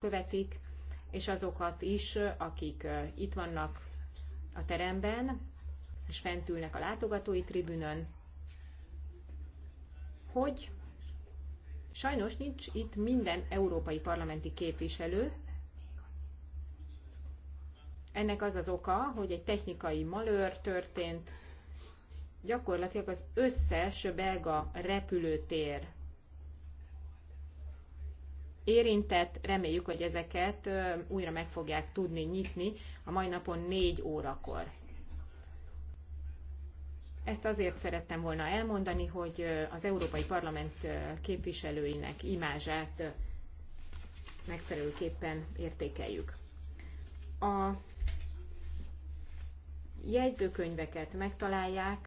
követik, és azokat is, akik itt vannak a teremben, és fent ülnek a látogatói tribünön, hogy sajnos nincs itt minden európai parlamenti képviselő. Ennek az az oka, hogy egy technikai malőr történt, gyakorlatilag az összes belga repülőtér érintett. Reméljük, hogy ezeket újra meg fogják tudni nyitni a mai napon 4 órakor. Ezt azért szerettem volna elmondani, hogy az Európai Parlament képviselőinek imázsát megfelelőképpen értékeljük. A jegyzőkönyveket megtalálják